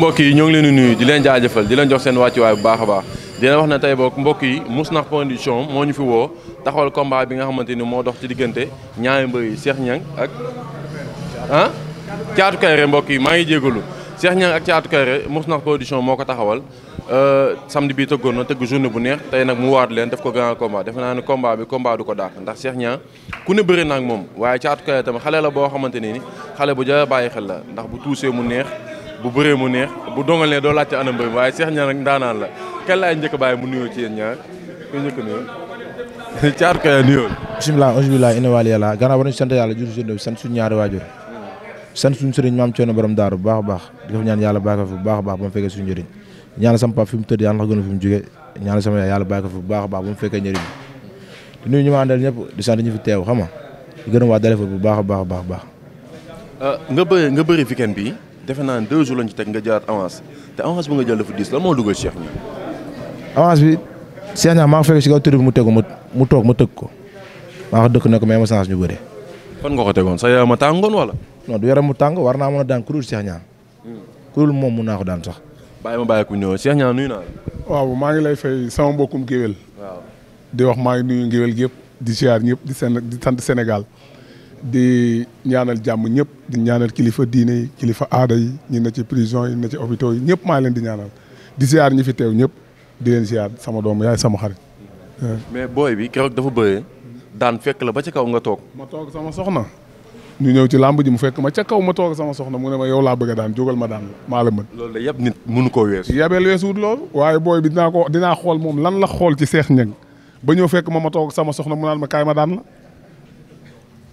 mbokk yi ñoo ngi leen di nuyu di leen jaajëfal di leen jox seen wàccuwaay bu baax a baax di wax ne tey boog mbokk yi Mousnakh Production moo ñu fi woo taxawal combat bi nga xamante ni moo dox ci diggante ñaari mbër yi Cheikh ak ah Thiatou Kairé mbokk yi maa ngi jégalu Cheikh Niang ak Thiatou Kairé Mousnakh Production moo ko taxawal euh, samedi bii tëggoon na tëgg journée bu neex tey nag mu waat leen def ko grand combat defe naa ne combat bi combat du ko dàq ndax Cheikh Niang ku ne bëri na ak moom waaye Thiatou Kairé tamit xale la boo xamante ni xale bu jar a bàyyi xel la ndax bu tuusee mu neex bu bëree mu neex bu dongalee doo laajte anam bëri waaye Cheikh Niang nag ndaanaan la kenn laay njëkk a bàyyi mu nuyoo ci yéen ñaar ñu njëkk a nuyoo caar kaya nuyoo bisimilah auzubillah ina wali yàlla gannaaw war nañu sant yàlla jur sud sant suñu ñaari waajur sant suñu sëriñ maam coono borom daaru bu baax a baax di ko ñaan yàlla bàyyi ko bu baax a baax ba mu fekkee suñu njëriñ ñaanal mu tëdd mu jógee ñaanal sama yàlla bàyyi ko baax baax ba fekkee njëriñ di nuyu ñu ma àndal ñëpp ñu fi teew xam nga di gërëm waa Dalifort bu baax a baax a ah, nga bëri nga bëri weekend bi defe naa ne deux jours lañ ci teg nga jaar avance te avance bi nga jël dafa diis lan moo dugal Cheikh Niang. avance bi Cheikh Niang maa ngi fekk si kaw tur bi mu tegu ma mu toog ma tëgg ko maa ko dëkk ne ko may ma chance ñu bëre. nga ko tegoon sa yaram tàngoon wala. non du yaram mu tàng war naa mën a daan kuréel Cheikh Niang hmm. kuréel moom mun naa ko daan sax. bàyyi ma bàyyi ko ñëw Cheikh Niang nuyu naa waaw maa ngi lay fay sama mbokkum géwél. di wax maa ngi nuyu géwél gi yëpp di ziar ñëpp di sant Sénégal di ñaanal jàmm ñëpp di ñaanal kilifa diine yi kilifa aada yi ñi na ci prison yi na ci hôpitaux yi ñëpp maa leen di ñaanal di ziar ñi fi teew ñëpp di leen ziar sama doom yaay sama xarit. mais booy bi keroog dafa bëree. daan fekk la ba ca kaw nga toog. ma toog sama soxna. ñu ñëw ci làmb ji mu fekk ma ca kaw ma toog sama soxna mu ne yow laa bëgg a daan jógal ma daan la maa mën. loolu la yëpp nit mënu koo weesu. yabeel weesuwut loolu. waaye booy bi dinaa ko dinaa xool moom lan la xool ci seex ñëng ba ñëw fekk ma ma toog sama soxna mu naan ma kaay ma daan la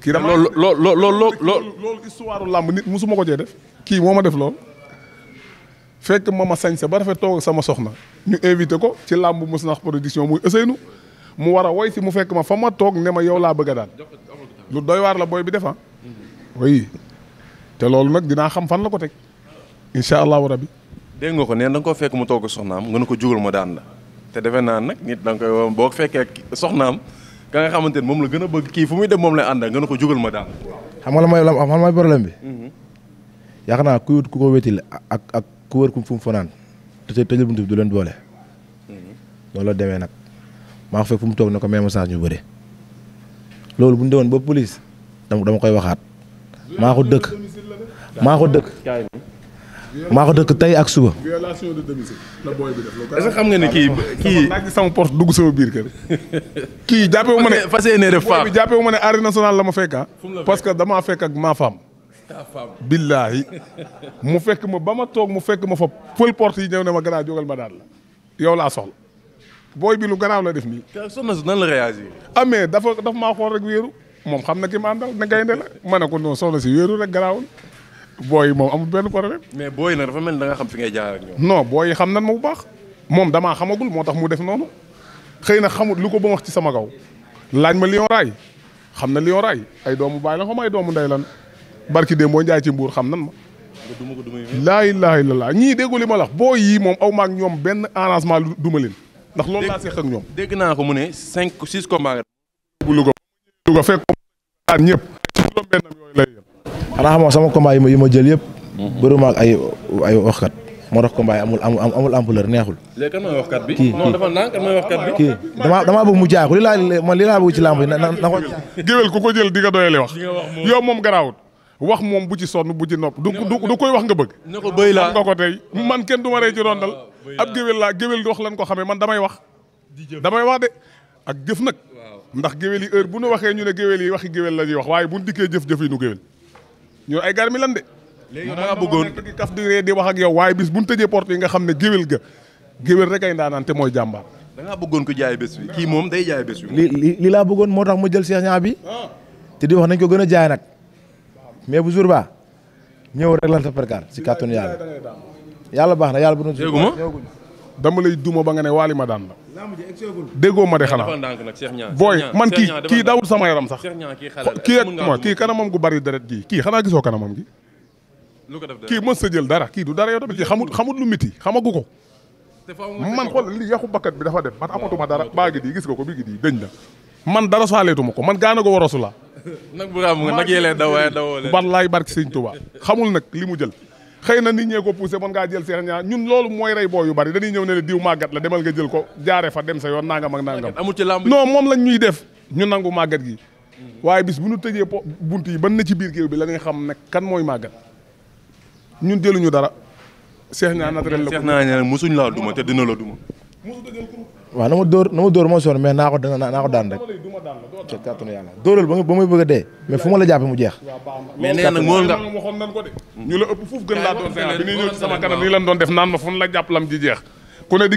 kii dama loolu loolu loolu loolu histoire làmb nit musuma ko cee def. kii moo ma def loolu fekk ma ma sañse ba rafet toog sama soxna ñu invité ko ci làmb mos nax production muy Ousseynou mu war a woy si mu fekk ma fa ma toog ne ma yow laa bëgg a daan lu doy waar la booy bi defa ah. oui te loolu nag dinaa xam fan la ko teg incha allahu rabi. dégg nga ko neen da nga koo fekk mu toog soxnaam nga ne ko jugal ma daan la te defe naa nag nit da nga koy boo fekkee soxnaam. ka nga xamante moom la gën a bëgg kii fu muy dem moom lay àndal nga ne ko jugal ma daal. xam nga la may am xam may problème bi. Mhm. ko wétil ak ak ku ku fu mu fanaan buntu bi du leen boole. loolu mhm. la demee nag maa ko fekk fu mu toog ne ko même message ñu bëri. loolu bu ñu demoon ba police dama koy waxaat. maa ko dëkk maa ko dëkk. maa ko dëkk tey ak suba. violation de domicile la bi def. sama porte dugg sama biir kër. kii jàppee wu ma ne fas yéene def faam booy ma ne arène la ma ah. fekk parce que damaa fekk ak ma femme. billaahi mu fekk ma ba ma toog mu fekk ma fa fël porte yi ñëw ne ma gannaaw jógal ma daal la yow laa soxla booy bi lu gannaaw la def nii. soxna si nan la réagir. ah mais dafa daf maa xool rek wéeru moom xam na ki ma àndal ne gaynde la ma ne ko non soxna si wéeru rek gannaawul. booy moom amul benn problème. mais booy nag dafa mel da nga xam fi ngay jaar ak ñoom. non booy xam nan ma bu baax moom damaa xamagul moo tax mu def noonu xëy na xamut lu ko ba wax ci sama kaw laaj ma Lion Raay xam na Lion Raay ay doomu baay la xam ay doomu ndey lan barki démb boo njaay ci mbuur xam nan ma. laa ilaaha illallaah ñii déggu li ma lax booy yi moom aw maak ñoom benn arrangement lu duma ndax loolu laa ak ñoom. dégg naa ko mu ne cinq six combats. bu Louga Louga fekk ñëpp ci juróom benn yooyu lay xanaa xam nga sama combat yi ma yi jël yëpp. bëriwuma ak ay wax waxkat. moo tax combat yi amul amul ampleur neexul. léegi kan mooy waxkat bi. kii non dafa naan kan mooy waxkat bi. kii damaa damaa mu jaaxu li laa ma li laa bëgg ci làmb yi na ko. géwél ku ko jël di nga doyalee wax. yow moom garaawut. wax moom bu ci sonn bu ci nopp du du koy wax nga bëgg. ne ko laa ko tey man kenn du ma rey ci rondal. Ah, ab géwél laa géwél wax lan ko xamee man damay wax. damay wax de ak jëf nag. ndax géwél yi heure bu nu waxee ñu ne géwél yi waxi géwél la ñuy waaye bu nu dikkee jëf-jëf yi géwél ñoo ay garmi lan de. léegi maa bëggoon di kaf wax ak yow waaye bis bu ñu tëjee porte yi nga xam ne géwél ga géwél rek ay ndaanaan te mooy jàmbaar. da ngaa ko jaay bés bi moom day jaay bés bi. li li li laa bëggoon moo tax mu jël Cheikh Niang bi ah. te di wax nañ ko gën a jaay nag mais bu jour ba ñëw rek lan sa perkaar si kàttanu yàlla yàlla baax na yàlla bu doon. déggu ma dama lay duma ba nga ne waali ma daan la déggoo ma de xanaa booy man kii kii daawul sama yaram sax kii ak kii kanamam gu bari deret gi kii xanaa gisoo kanamam gi. kii mës sa jël dara kii du dara yow tamit kii xamul xamul lu miti xamagu ko. man xool li yaxu bakkat bi dafa dem man ma dara baa ngi di gis nga ko bi ngi di dëñ na. man dara saaleetuma ko man gaana ko warasu la. nag bu raamu nga nag yélee daw waaye dawoo leen. wallaay barki sëñ Tuubaa xamul nag li mu jël. xëy na nit ñee ko poussé mën ngaa jël seex ñaar ñun loolu mooy rey boo yu bari dañuy ñëw ne le diw màggat la demal nga jël ko jaare fa dem sa yoon nangam ak nangam amul ci lamb non moom lañ ñuy def ñu nangu màggat gi waaye bis bu ñu tëjee bunt yi ban na ci biir géew bi la nga xam ne kan mooy màggat ñun jëluñu dara seex ñaar naturel la ko seex ñaar musuñ laa duma te dina la duma waaw na ma dóor na ma dóor moo sonn mais naa ko daan rek dóoral ba muy bëgg a dee mais fu la jàppee mu jeex mais nee na mool nga waxoon nan ko de ñu la ëpp foofu gën laa doon fee bi la jàpp lam ji jeex ku ne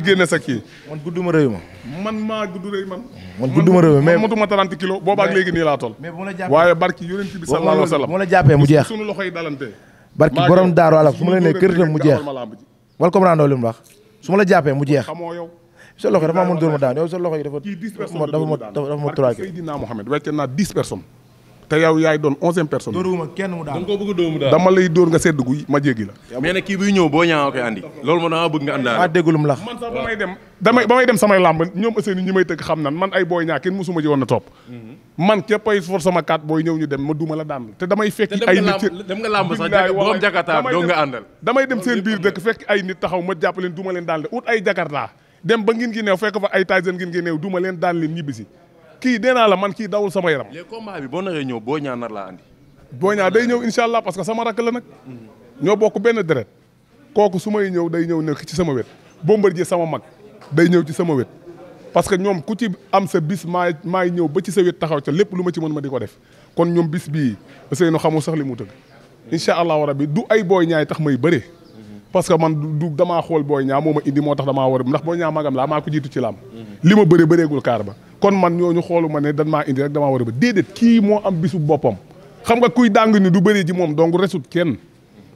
mu jeex barki borom daaru ala fu ma la ne kër mu jeex wal comprendre lim wax su ma la jàppee mu jeex. sa loxo dafa amoon dóor ma daan yow sa loxo yi dafa. dafa ma trois kii. te yow yaay doon onzième personne. kenn mu daal dama lay dóor nga sedd gu ma jéggi la. mais nag kii buy ñëw boo ñaaw koy andi. loolu moo dama bëgg ah, damay ba dem samay làmb ñoom Ousseynou ñi xam nan man ay booy ñaa kenn mosuma ji woon na topp. Mhm. booy ñëw ñu dem ma duma la te damay fekki ay dem nga làmb sax borom jakarta doo nga àndal damay dem seen biir dëkk fekk ay nit taxaw ma jàpp leen duma leen daan leen ut ay jakarta dem ba ngin ay taay ngin gi neew leen daan leen ñibbisi kii nee naa la man kii dawul sama yaram. léegi combat bi boo naree ñëw boo ñaa nar laa andi. boo ñaa day ñëw incha allah parce que sama rakk la nag. ñoo bokk benn deret. kooku su ñëw day ñëw nekk ci sama wet. Bombardier sama mag day ñëw ci sama wet. parce que ñoom ku ci am sa bis maay maay ñëw ba ci sa taxaw ca lépp lu ma ci mën ma di ko def kon ñoom bis bii xamul sax li mu tëgg. incha allahu rabi du ay booy ñaay tax may bëre. parce que man du damaa xool booy ñaa moo moo tax damaa war ndax booy ñaa magam laa maa ko jiitu ci laam. li ma bëre bëreegul kaar ba. kon man ñooñu xoolu ma ne dan maa indi rek damaa war a ba déedéet kii moo am bisu boppam xam nga kuy dàng ni du bëri ji moom donc resut kenn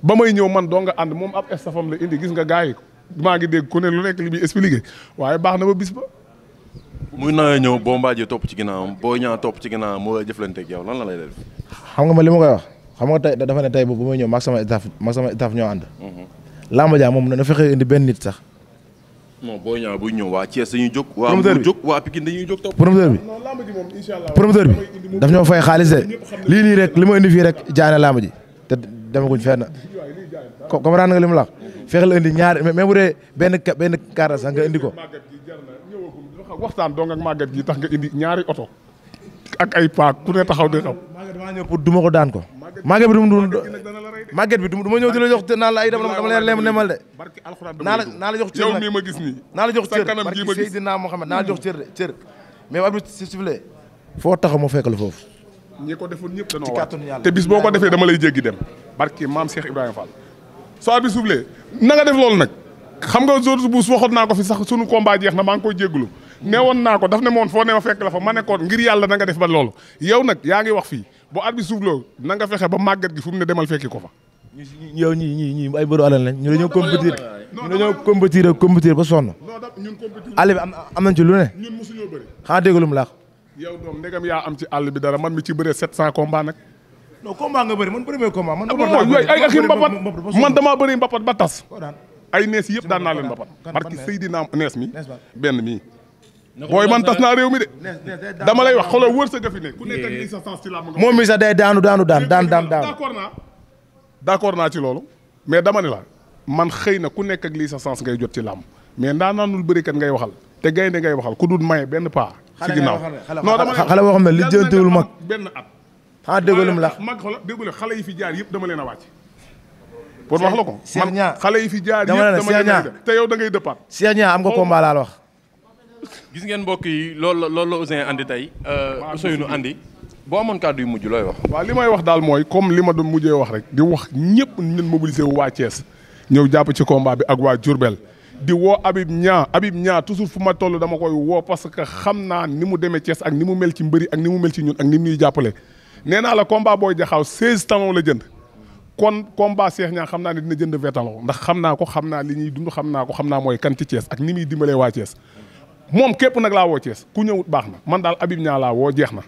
ba may ñëw man doo nga ànd moom ab estafam la indi gis nga gars yi maa ngi dégg ku ne lu nekk li muy expliqué waaye baax na ba bis ba. muy nawee ñëw Bombardier topp ci ginnaawam Boy Niang topp ci ginnaawam moo lay jëflanteeg yow lan la lay def. xam nga ma li ma koy wax xam nga tey dafa ne tey boobu ba may ñëw maag sama estaf maag sama estaf ñoo ànd. Mhm. làmba jaa moom na fexe indi benn nit sax. non boo ñëwaat buy ñëw waa Thiès dañuy jóg. promoteur bi daf ñoo fay xaalis lii lii rek li ma indi fii rek jaay na làmb ji te demaguñ fenn comprendre nga li mu la wax fexe la indi ñaar même bu dee benn ka na kaara sax nga indi ko. waxtaan dong ak màggat gi tax nga indi ñaari oto ak ay paak ku ne taxaw di xam. màggat duma ko daan ko. màggat bi du mu màgget bi du ma ñëw di la jox te naa la ay dama dama leer lemal de naa la naa la jox cër ma gis nii naa la jox cër barki Seydina Mohamed naa la jox cër de cër mais bu foo taxaw ma fekk la foofu ko te bis boo ko defee dama lay jéggi dem barki maam Cheikh Ibrahima Fall soo arbitre sifflé na nga def loolu nag xam nga jour bu waxoon naa ko fi sax sunu combat jeex na maa ngi koy jégglu ne woon naa ko daf ne moon foo ne ma fekk la fa ma ne ngir yàlla na nga def ba loolu yow nag yaa ngi wax fii bu at bi suufloo na nga fexe ba màggat gi fu mu ne demal fekki ko fa. ñu ñii ñii ñii ay mbëru alal lañ ñu dañoo compétir ñu dañoo compétir ak ba sonn. àll bi am am nañ ci lu ne. ñun mosuñoo xanaa déggalum laax. yow doom ndegam yaa am ci àll bi dara man mi ci bëree 700 combat nag. non combat nga bëri ah, bëri mbapat ba tas. ay nees yëpp daan naa leen mbapat. parce que Seydina nees mi benn mii booy man tas naa réew mi de dama lay wax xoolal wërsëg a fi nekk. Eh. moom mi sax day daanu daanu daan daan daan daan. d'accord naa ci loolu mais dama ne la man xëy na ku nekk ak lii sa sens ngay jot ci làmb mais ndaanaanul bërikat ngay waxal te gaynde ngay waxal ku dul maye benn paa. ci ginnaaw non dama xale boo xam ne li jëntewul mag benn at. xanaa déggoonum la mag xoolal déggoon xale yi fi jaar yëpp dama leen a wàcc. pour wax la ko man xale yi fi jaar yëpp dama leen a te yow da ngay dëppaat. Cheikh Niang am nga combat laa la wax. gis ngeen mbokk yi loolu la loolu la Ouzin andi tey. Euh, Ousseynou andi. boo amoon kàddu yu mujj looy wax. waaw li may wax daal mooy comme li ma doon mujjee wax rek. di wax ñëpp ñun mobiliser wu waa Thiès ñëw jàpp ci combat bi ak waa Diourbel di woo Habib Niang Habib Niang toujours fu ma toll dama koy woo parce que xam naa ni mu demee Thiès ak ni mu mel ci mbëri ak ni mu mel ci ñun ak ni mu ñuy jàppale. nee naa la combat booy jaxaaw 16 talons la jënd kon combat Cheikh Niang xam naa ne dina jënd 20 talons ndax xam naa ko xam naa li ñuy dund xam naa ko xam naa mooy kan ci Thiès ak ni muy dimbalee waa Thiès moom képp nag laa woo Thiès ku ñëwut baax na man daal Habib Niang laa woo jeex na.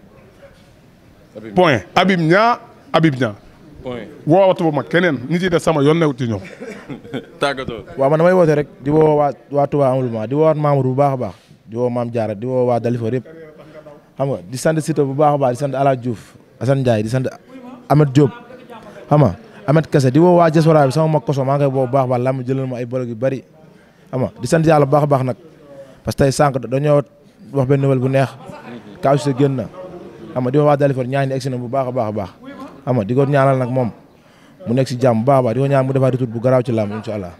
point Habib Niang Habib Niang. point woowatu ma keneen ñi ci des sama yoon newut ci ñoom. tàggatoo. waaw man damay woote rek di woo waa waa amul ma di woowaat Mamour bu baax a baax di woo Maam Diarra di woo waa Dalifor yëpp xam nga di sant Siteu bu baax a baax di sant Ala Diouf Assane Ndiaye di sant Amath Diop xam nga Kese di woo waa diaspora bi sama mag koso maa ngi koy baax a baax laa ma jëlal ma ay borog yu bari xam nga di baax a baax nag. parce que tey sànq dañoo wax benn nouvelle bu neex Kaaw Cissé génn na ama di ko wax Dalifort ñaan ni egsi bu baax baax a baax ama di ko ñaanal nag moom mu nekk si jàmm bu baax a baax di ko ñaan mu defaat retour bu garaaw ci làmb incha allah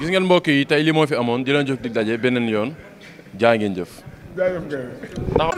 gis ngeen mbokk yi tey li moo fi amoon di leen jox di dajee beneen yoon jaa ngeen jëf